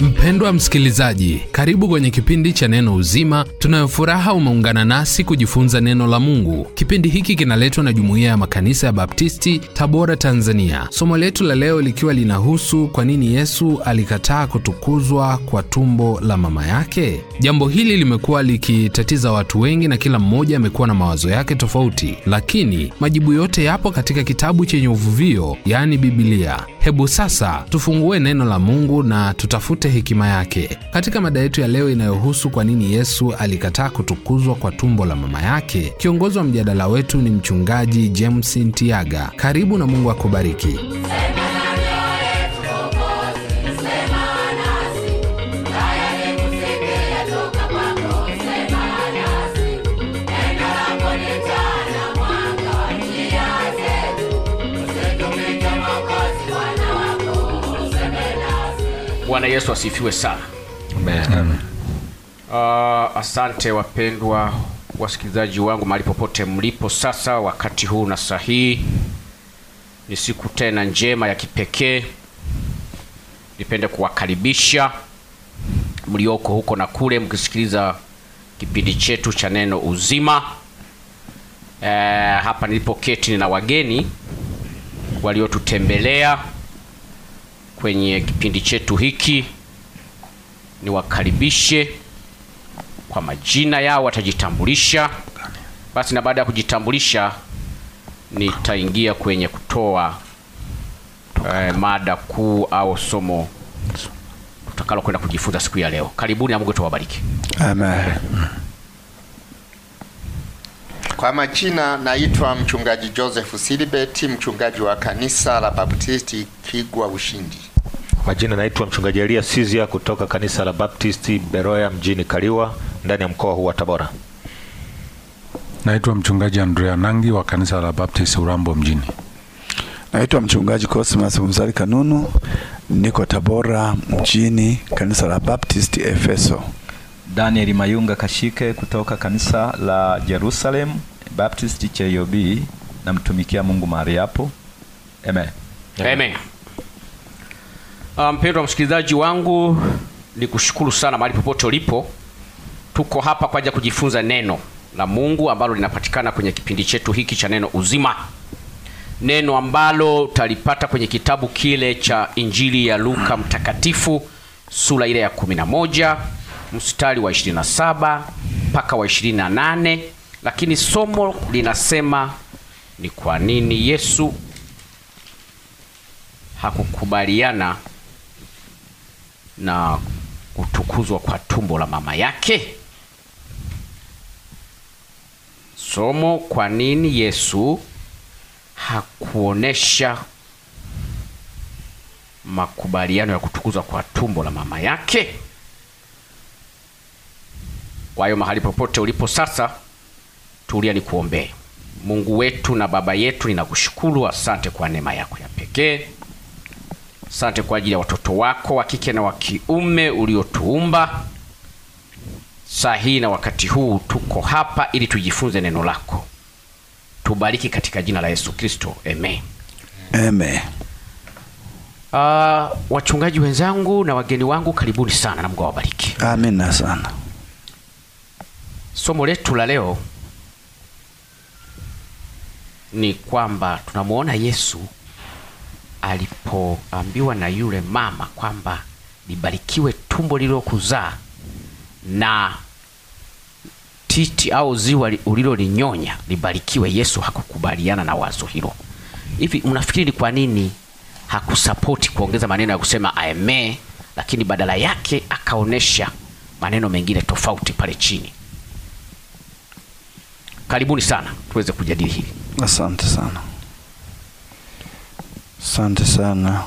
Mpendwa msikilizaji, karibu kwenye kipindi cha Neno Uzima. Tunayofuraha umeungana nasi kujifunza neno la Mungu. Kipindi hiki kinaletwa na Jumuiya ya Makanisa ya Baptisti, Tabora, Tanzania. Somo letu la leo likiwa linahusu kwa nini Yesu alikataa kutukuzwa kwa tumbo la mama yake. Jambo hili limekuwa likitatiza watu wengi na kila mmoja amekuwa na mawazo yake tofauti, lakini majibu yote yapo katika kitabu chenye uvuvio, yani Biblia. Hebu sasa tufungue neno la Mungu na tutafute tupate hekima yake katika mada yetu ya leo inayohusu kwa nini Yesu alikataa kutukuzwa kwa tumbo la mama yake. Kiongozi wa mjadala wetu ni mchungaji James Ntiaga. Karibu na Mungu akubariki. bwana yesu asifiwe sana Amen. Uh, asante wapendwa wasikilizaji wangu mahali popote mlipo sasa wakati huu na sahihi ni siku tena njema ya kipekee nipende kuwakaribisha mlioko huko na kule mkisikiliza kipindi chetu cha neno uzima eh, hapa nilipoketi nina wageni waliotutembelea kwenye kipindi chetu hiki, niwakaribishe kwa majina yao, watajitambulisha basi, na baada ya kujitambulisha nitaingia kwenye kutoa eh, mada kuu au somo tutakalo kwenda kujifunza siku ya leo. Karibuni na Mungu tuwabariki. Amen. Kwa majina naitwa mchungaji Joseph Silibeti, mchungaji wa kanisa la Baptisti Kigwa Ushindi. Majina naitwa mchungaji Elia Sizia kutoka kanisa la Baptisti Beroya mjini Kaliwa ndani ya mkoa huu wa Tabora. Naitwa mchungaji Andrea Nangi wa kanisa la Baptisti Urambo mjini. Naitwa mchungaji Cosmas Mzali Kanunu, niko Tabora mjini, kanisa la Baptisti Efeso. Daniel Mayunga Kashike kutoka kanisa la Jerusalem Baptisti Cheyobi, namtumikia Mungu mahali hapo. Amen. Amen. Amen. Ah, mpendwa um, msikilizaji wangu, nikushukuru sana mahali popote ulipo. Tuko hapa kwa ajili ya kujifunza neno la Mungu ambalo linapatikana kwenye kipindi chetu hiki cha neno uzima, neno ambalo utalipata kwenye kitabu kile cha Injili ya Luka Mtakatifu sura ile ya 11 mstari wa 27 mpaka wa 28, lakini somo linasema ni kwa nini Yesu hakukubaliana na kutukuzwa kwa tumbo la mama yake. Somo: kwa nini Yesu hakuonesha makubaliano ya kutukuzwa kwa tumbo la mama yake? Kwa hiyo mahali popote ulipo sasa, tulia ni kuombee Mungu wetu na Baba yetu, ninakushukuru, asante kwa neema yako ya pekee Asante kwa ajili ya watoto wako wa kike na wa kiume uliotuumba. Saa hii na wakati huu tuko hapa ili tujifunze neno lako. Tubariki katika jina la Yesu Kristo. Amen. Amen. Uh, wachungaji wenzangu na wageni wangu karibuni sana na Mungu awabariki. Amina sana. Somo letu la leo ni kwamba tunamwona Yesu alipoambiwa na yule mama kwamba libarikiwe tumbo lililokuzaa na titi au ziwa ulilolinyonya libarikiwe. Yesu hakukubaliana na wazo hilo. Hivi unafikiri ni kwa nini hakusapoti kuongeza maneno ya kusema aemee, lakini badala yake akaonesha maneno mengine tofauti pale chini? Karibuni sana tuweze kujadili hili. Asante sana. Asante sana.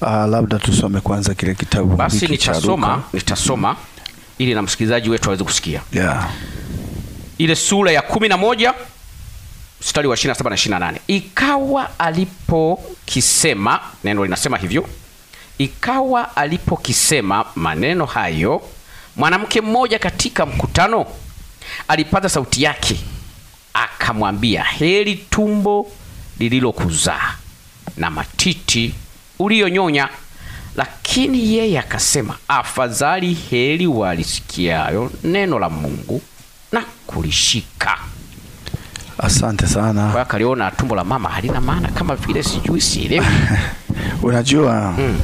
Uh, labda tusome kwanza kile kitabu. Basi nitasoma, nitasoma ili na msikilizaji wetu aweze kusikia. Yeah. Ile sura ya kumi na moja mstari wa 27 na 28. Ikawa alipokisema neno linasema hivyo. Ikawa alipokisema maneno hayo, mwanamke mmoja katika mkutano alipata sauti yake, akamwambia, heri tumbo lililokuzaa na matiti uliyonyonya. Lakini yeye akasema, afadhali heri walisikiayo neno la Mungu na kulishika. Asante sana. Kwa kaliona tumbo la mama halina maana kama vile sijui sielewi. Unajua hmm.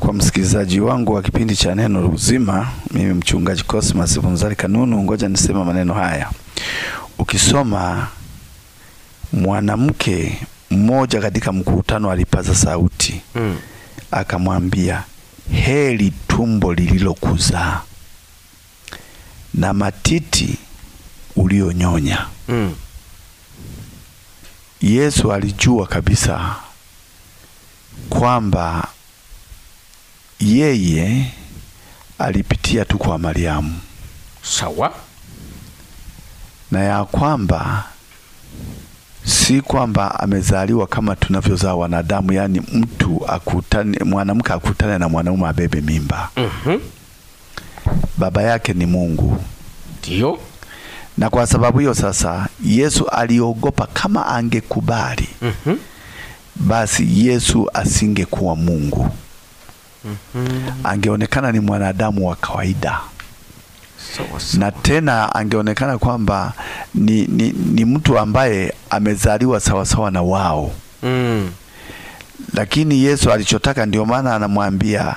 Kwa msikilizaji wangu wa kipindi cha neno uzima, mimi mchungaji Cosmas Vunzali Kanunu, ngoja nisema maneno haya. Ukisoma mwanamke mmoja katika mkutano alipaza sauti mm. akamwambia, heri tumbo lililokuzaa na matiti ulionyonya. mm. Yesu alijua kabisa kwamba yeye alipitia tu kwa Mariamu, sawa na ya kwamba si kwamba amezaliwa kama tunavyozaa wanadamu, yani mtu akutane, mwanamke akutane na mwanaume abebe mimba. mm -hmm. Baba yake ni Mungu, ndio. Na kwa sababu hiyo sasa Yesu aliogopa kama angekubali mm -hmm. basi Yesu asingekuwa Mungu mm -hmm. angeonekana ni mwanadamu wa kawaida na tena angeonekana kwamba ni, ni, ni mtu ambaye amezaliwa sawasawa na wao mm. Lakini Yesu alichotaka, ndio maana anamwambia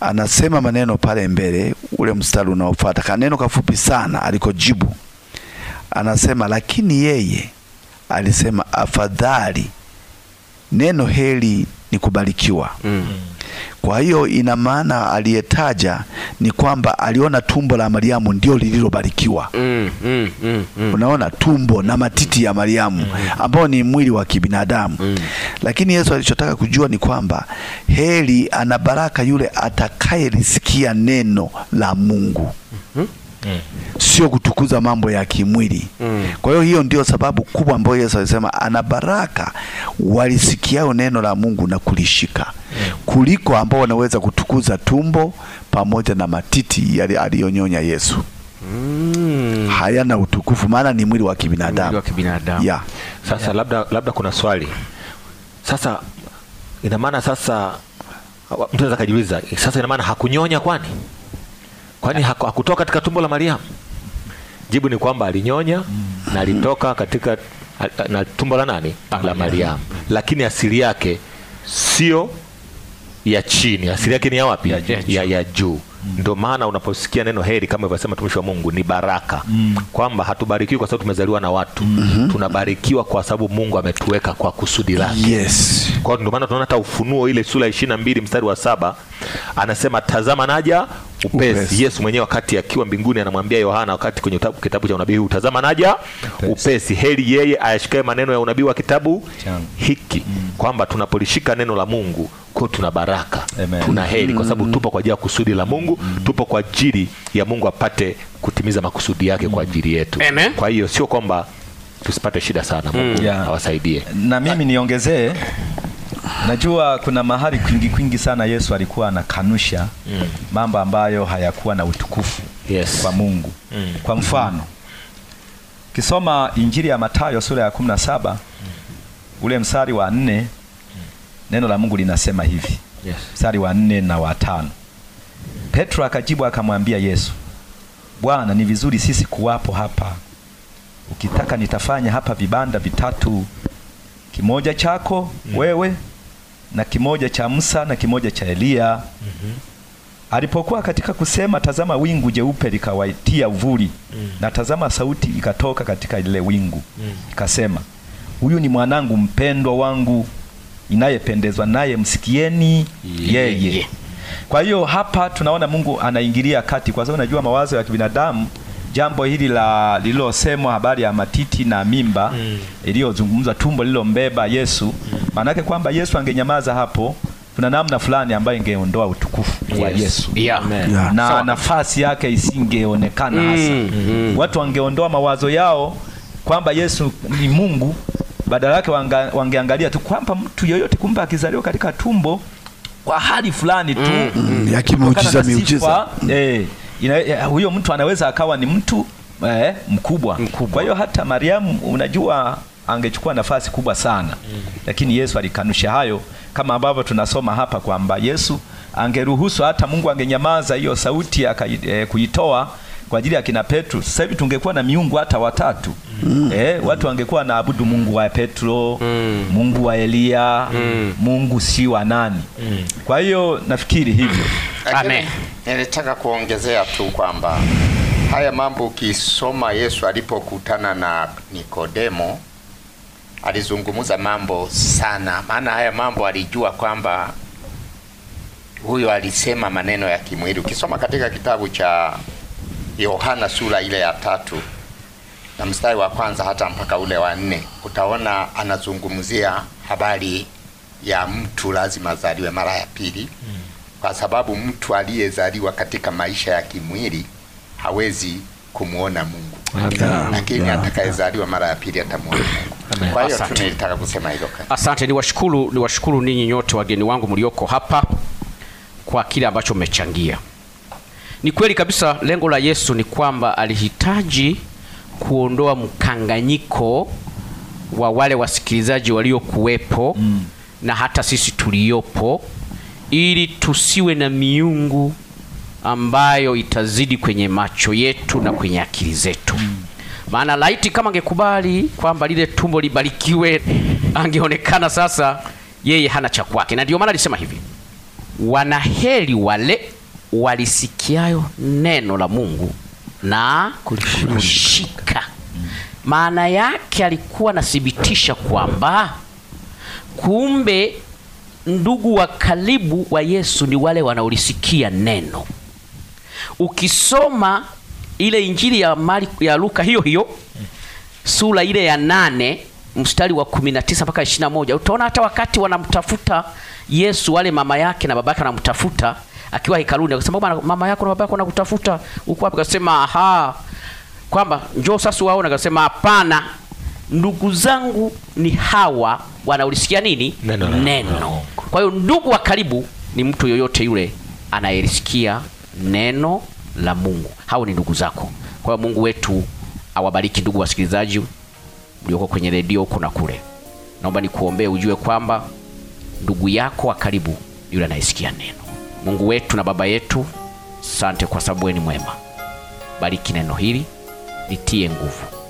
anasema maneno pale mbele, ule mstari unaofuata, kaneno kafupi sana alikojibu, anasema lakini yeye alisema afadhali, neno heri ni kubarikiwa mm. Kwa hiyo ina maana aliyetaja ni kwamba aliona tumbo la Mariamu ndio lililobarikiwa. mm, mm, mm, mm. Unaona tumbo na matiti ya Mariamu mm, ambao ni mwili wa kibinadamu mm. Lakini Yesu alichotaka kujua ni kwamba heri ana baraka yule atakayelisikia neno la Mungu mm -hmm. mm. sio kutukuza mambo ya kimwili mm. Kwa hiyo hiyo ndio sababu kubwa ambayo Yesu alisema ana baraka walisikiao neno la Mungu na kulishika mm. kuliko ambao wanaweza kutukuza tumbo pamoja na matiti yale aliyonyonya Yesu mm. hayana utukufu, maana ni mwili wa kibinadamu mwili wa kibinadamu. yeah. Sasa yeah. Labda, labda kuna swali sasa, ina maana sasa mtu anaweza kujiuliza sasa, ina maana hakunyonya kwani kwani hakutoka katika tumbo la Mariamu? Jibu ni kwamba alinyonya mm. na alitoka katika na tumbo la nani la mariam lakini asili yake sio ya chini, asili yake ni ya wapi? Ya, ya, ya juu. Ndio maana unaposikia neno heri, kama ilivyosema tumishi wa Mungu, ni baraka mm. kwamba hatubarikiwi kwa sababu tumezaliwa na watu mm -hmm. tunabarikiwa kwa sababu Mungu ametuweka kwa kusudi lake yes. Kwa hiyo ndio maana tunaona hata Ufunuo ile sura ya 22 mbili mstari wa saba anasema, tazama naja upesi. upesi. Yesu mwenyewe wakati akiwa mbinguni anamwambia Yohana wakati kwenye utabu, kitabu cha unabii utazama naja upesi, upesi. Heri yeye ayashikae maneno ya unabii wa kitabu Changu. hiki mm. kwamba tunapolishika neno la Mungu kwa tuna baraka Amen. tuna heri mm. kwa sababu mm. tupo kwa ajili ya kusudi la Mungu mm. tupo kwa ajili ya Mungu apate kutimiza makusudi yake mm. kwa ajili yetu Amen. kwa hiyo sio kwamba tusipate shida sana, Mungu mm. yeah. awasaidie. Na mimi niongezee Najua kuna mahali kwingi kwingi sana Yesu alikuwa anakanusha mm. mambo ambayo hayakuwa na utukufu yes. kwa Mungu mm. kwa mfano kisoma Injili ya Mathayo sura ya kumi na saba ule msari wa nne neno la Mungu linasema hivi yes. msari wa nne na wa tano Petro akajibu akamwambia Yesu, Bwana, ni vizuri sisi kuwapo hapa. Ukitaka nitafanya hapa vibanda vitatu, kimoja chako mm. wewe na kimoja cha Musa na kimoja cha Eliya. mm -hmm. Alipokuwa katika kusema, tazama wingu jeupe likawaitia uvuli. mm -hmm. Na tazama sauti ikatoka katika lile wingu mm -hmm. ikasema, huyu ni mwanangu mpendwa wangu inayependezwa naye, msikieni yeye. yeah, yeah. Kwa hiyo hapa tunaona Mungu anaingilia kati, kwa sababu najua mawazo ya kibinadamu jambo hili la lililosemwa habari ya matiti na mimba mm. iliyozungumzwa tumbo lilombeba Yesu mm. maanake kwamba Yesu angenyamaza hapo kuna namna fulani ambayo ingeondoa utukufu yes. wa Yesu yeah. Yeah. na so, nafasi yake isingeonekana mm. hasa mm-hmm. watu wangeondoa mawazo yao kwamba Yesu ni Mungu, badala yake wangeangalia tu kwamba mtu yoyote kumbe akizaliwa katika tumbo kwa hali fulani tu mm, mm, ya kimuujiza miujiza eh, Eh, huyo mtu anaweza akawa ni mtu eh, mkubwa. mkubwa. Kwa hiyo hata Mariamu unajua angechukua nafasi kubwa sana mm. Lakini Yesu alikanusha hayo, kama ambavyo tunasoma hapa kwamba Yesu angeruhusu hata Mungu angenyamaza hiyo sauti eh, kuitoa kwa ajili ya kina Petro, sasa hivi tungekuwa na miungu hata watatu mm. Eh, watu wangekuwa na abudu Mungu wa Petro mm. Mungu wa elia mm. Mungu si wa nani mm. Kwa hiyo nafikiri hivyo. Amen nilitaka kuongezea tu kwamba haya mambo ukisoma, Yesu alipokutana na Nikodemo alizungumza mambo sana, maana haya mambo alijua kwamba huyo alisema maneno ya kimwili. Ukisoma katika kitabu cha Yohana sura ile ya tatu na mstari wa kwanza hata mpaka ule wa nne utaona anazungumzia habari ya mtu lazima azaliwe mara ya pili. Hmm kwa sababu mtu aliyezaliwa katika maisha ya kimwili hawezi kumuona Mungu Amen. Lakini atakayezaliwa mara ya pili atamuona Mungu. Kwa hiyo tunataka kusema hilo. Asante, niwashukuru niwashukuru ninyi nyote wageni wangu mlioko hapa kwa kile ambacho mmechangia. Ni kweli kabisa, lengo la Yesu ni kwamba alihitaji kuondoa mkanganyiko wa wale wasikilizaji waliokuwepo mm. na hata sisi tuliopo ili tusiwe na miungu ambayo itazidi kwenye macho yetu na kwenye akili zetu. Hmm. Maana laiti kama angekubali kwamba lile tumbo libarikiwe, angeonekana sasa yeye hana cha kwake, na ndio maana alisema hivi, wanaheri wale walisikiayo neno la Mungu na kulishika. Maana yake alikuwa anathibitisha kwamba kumbe ndugu wa karibu wa Yesu ni wale wanaolisikia neno. Ukisoma ile injili ya Marko, ya Luka hiyo hiyo sura ile ya nane mstari wa 19 mpaka moja utaona hata wakati wanamtafuta Yesu, wale mama yake na baba yake wanamtafuta akiwa hekaluni, akasema bwana, mama yako na baba yako wanakutafuta, uko wapi? Akasema aha, kwamba njoo sasa waona. Akasema hapana, ndugu zangu ni hawa wanaulisikia nini neno, neno. Kwa hiyo ndugu wa karibu ni mtu yoyote yule anayelisikia neno la Mungu, hao ni ndugu zako. Kwa hiyo Mungu wetu awabariki ndugu wasikilizaji mlioko kwenye redio huko na kule. Naomba nikuombee ujue kwamba ndugu yako wa karibu yule anayesikia neno. Mungu wetu na baba yetu, sante kwa sababu ni mwema. Bariki neno hili litie nguvu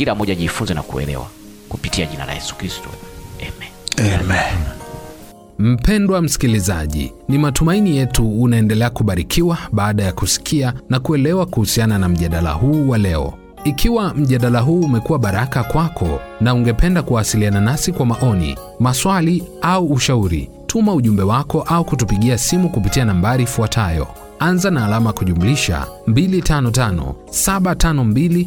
kila mmoja ajifunze na kuelewa kupitia jina la Yesu Kristo. Amen. Amen. Mpendwa msikilizaji, ni matumaini yetu unaendelea kubarikiwa baada ya kusikia na kuelewa kuhusiana na mjadala huu wa leo. Ikiwa mjadala huu umekuwa baraka kwako na ungependa kuwasiliana nasi kwa maoni, maswali au ushauri, tuma ujumbe wako au kutupigia simu kupitia nambari ifuatayo: anza na alama kujumlisha 255 752